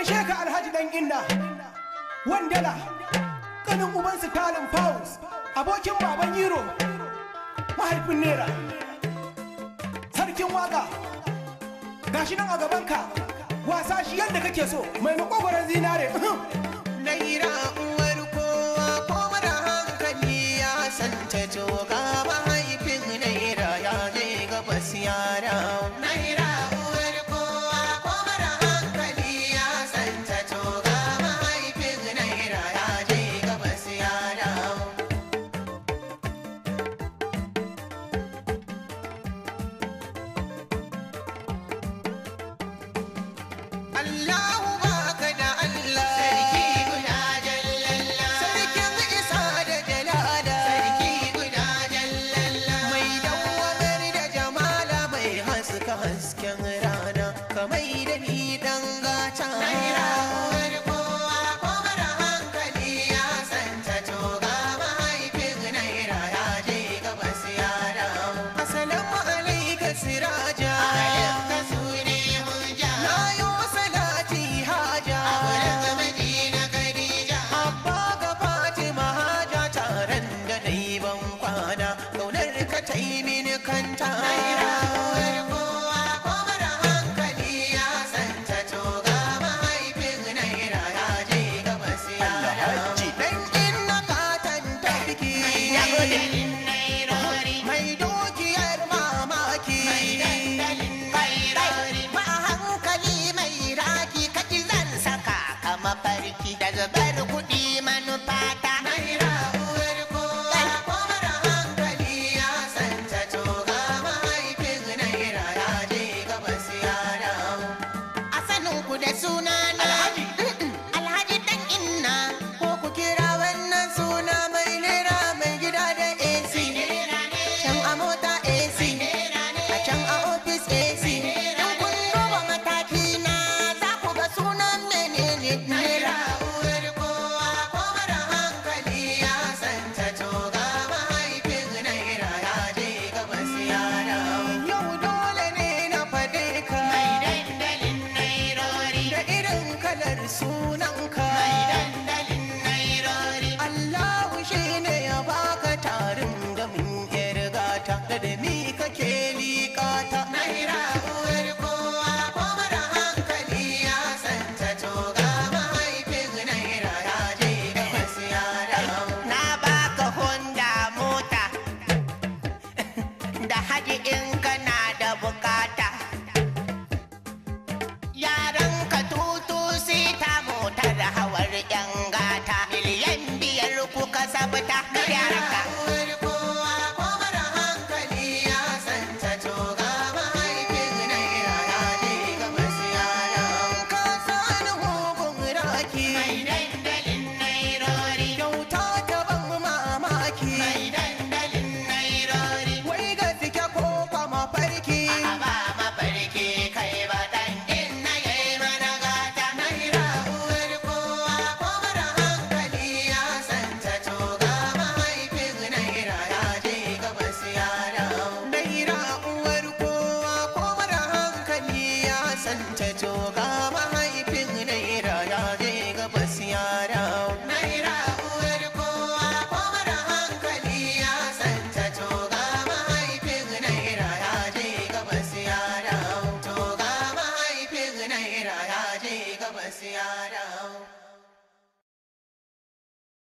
kai ka alhaji dan inna wandala kanin uban su talin abokin baban yiro mahaifin nera sarkin waka gashi nan a gaban ka wasa shi yadda kake so mai makogwaron zinare uhm. naira uwar kowa ko mara hankali ya santa joga love. ni kanta naira wai kowa ko mara hankali ya santa to ga mahaifin naira ya je gabas ya dawo dan in na katanta mai dukiyar mamaki ba hankali mai raki kaki zan saka kama barki daga zubar kuɗi ta naira